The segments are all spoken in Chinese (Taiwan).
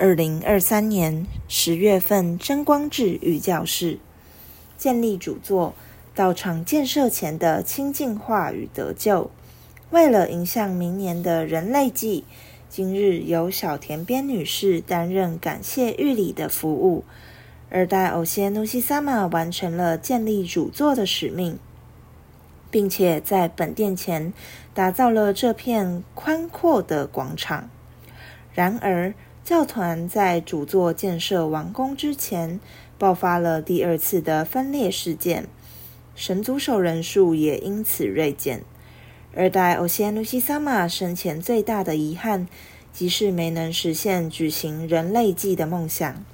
二零二三年十月份，真光誌御教示建立主座道場建設前的清淨化與得救。為了迎向明年的人類祭，今日由小田邊女士擔任感謝御禮的服務，二代偶仙奴西薩瑪完成了建立主座的使命，並且在本殿前打造了這片寬闊的廣場。然而，教團在主座建設完工之前，爆發了第二次的分裂事件，神組手人數也因此銳減。二代歐仙露西薩瑪生前最大的遺憾，即是沒能實現舉行人類祭的夢想。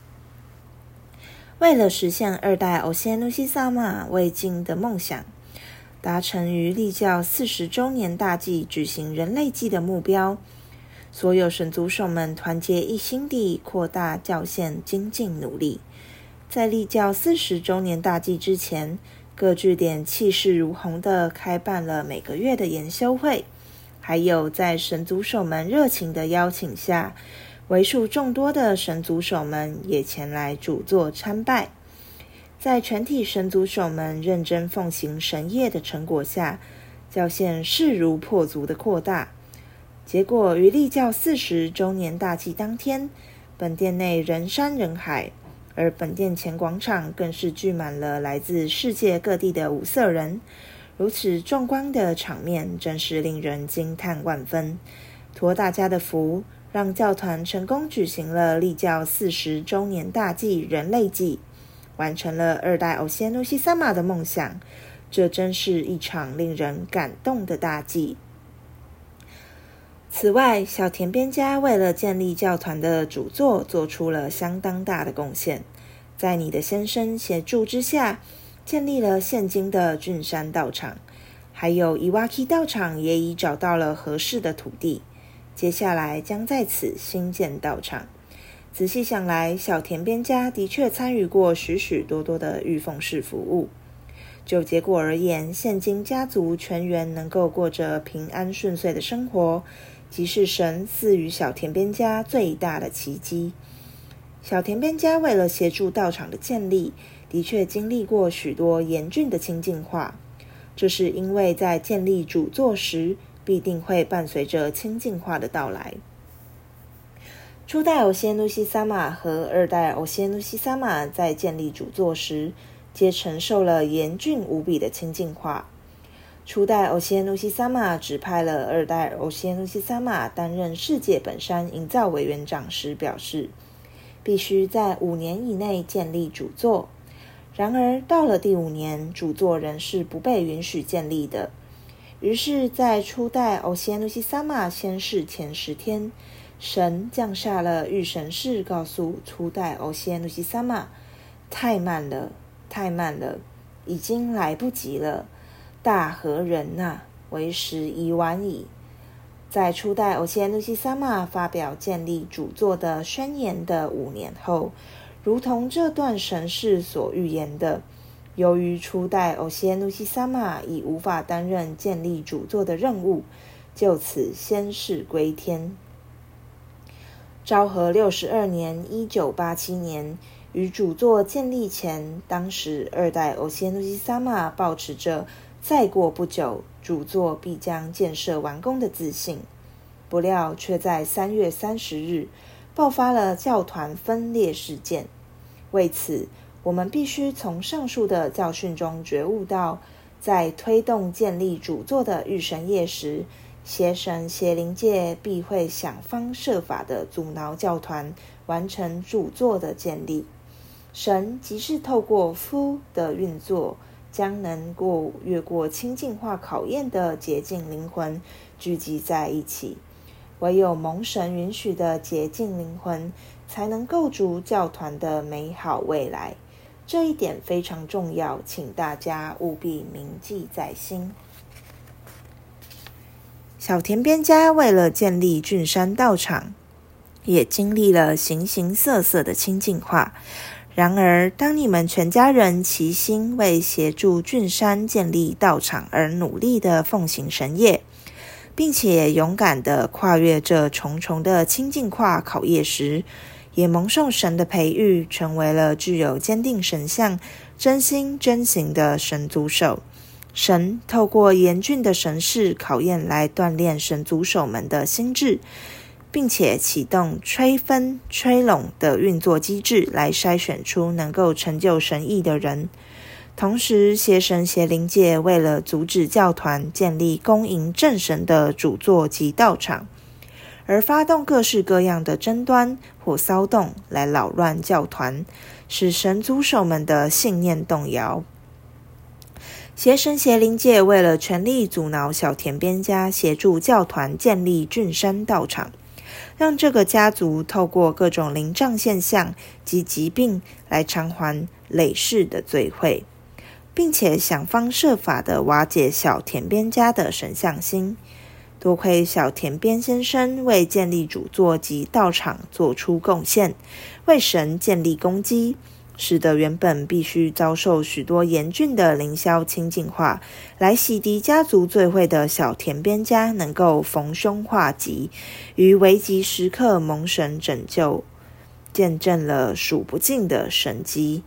為了實現二代歐仙露西薩瑪未竟的夢想，達成於立教四十周年大祭舉行人類祭的目標。所有神族手們團結一心地擴大教線，精進努力。在立教四十周年大祭之前，各據點氣勢如虹地開辦了每個月的研修會，還有在神族手們熱情的邀請下，為數眾多的神族手們也前來主座參拜。在全體神族手們認真奉行神業的成果下，教線勢如破竹的擴大。結果於立教四十周年大祭當天，本殿內人山人海，而本殿前廣場更是聚滿了來自世界各地的五色人。如此壯觀的場面，真是令人驚嘆萬分。托大家的福，讓教團成功舉行了立教四十周年大祭——人類祭，完成了二代偶仙奴西三馬的夢想。這真是一場令人感動的大祭。此外，小田邊家為了建立教團的主座，做出了相當大的貢獻。在你的先生協助之下，建立了現今的郡山道場，還有伊瓦基道場也已找到了合適的土地，接下來將在此新建道場。仔細想來，小田邊家的確參與過許許多多的御奉仕服務。就結果而言，現今家族全員能夠過着平安順遂的生活。即是神賜予小田邊家最大的奇蹟。小田邊家為了協助道場的建立，的確經歷過許多嚴峻的清淨化。這是因為在建立主座時，必定會伴隨着清淨化的到來。初代偶仙露西薩瑪和二代偶仙露西薩瑪在建立主座時，皆承受了嚴峻無比的清淨化。初代歐仙露西薩瑪指派了二代歐仙露西薩瑪擔任世界本山營造委員長時表示，必須在五年以內建立主座。然而，到了第五年，主座仍是不被允許建立的。於是，在初代歐仙露西薩瑪仙逝前十天，神降下了御神示，告訴初代歐仙露西薩瑪：“太慢了，太慢了，已經來不及了。”大和人吶、啊，為時已晚矣。在初代偶仙露西薩瑪發表建立主座的宣言的五年後，如同這段神事所預言的，由於初代偶仙露西薩瑪已無法擔任建立主座的任務，就此仙逝歸天。昭和六十二年（一九八七年），於主座建立前，當時二代偶仙露西薩瑪保持着。再過不久，主座必將建設完工的自信，不料卻在三月三十日爆發了教團分裂事件。為此，我們必須從上述的教訓中覺悟到，在推動建立主座的御神業時，邪神邪靈界必會想方設法地阻撓教團完成主座的建立。神即是透過夫的運作。將能夠越過清淨化考驗的潔淨靈魂聚集在一起，唯有蒙神允許的潔淨靈魂，才能構築教團的美好未來。這一點非常重要，請大家務必銘記在心。小田邊家為了建立郡山道場，也經歷了形形色色的清淨化。然而，當你們全家人齊心為協助俊山建立道場而努力地奉行神業，並且勇敢地跨越這重重的清淨化考驗時，也蒙受神的培育，成為了具有堅定神像、真心真行的神組手。神透過嚴峻的神事考驗來鍛鍊神組手們的心智。並且啟動吹分吹攏的運作機制，來篩選出能夠成就神意的人。同時，邪神邪靈界為了阻止教團建立恭迎正神的主座及道場，而發動各式各樣的爭端或騷動來擾亂教團，使神組手們的信念動搖。邪神邪靈界為了全力阻撓小田邊家協助教團建立郡山道場。讓這個家族透過各種靈障現象及疾病來償還累世的罪穢，並且想方設法地瓦解小田邊家的神像心。多虧小田邊先生為建立主座及道場做出貢獻，為神建立功績。使得原本必須遭受許多嚴峻的凌霄清淨化來洗滌家族罪穢的小田邊家，能夠逢凶化吉，於危急時刻蒙神拯救，見證了數不盡的神蹟。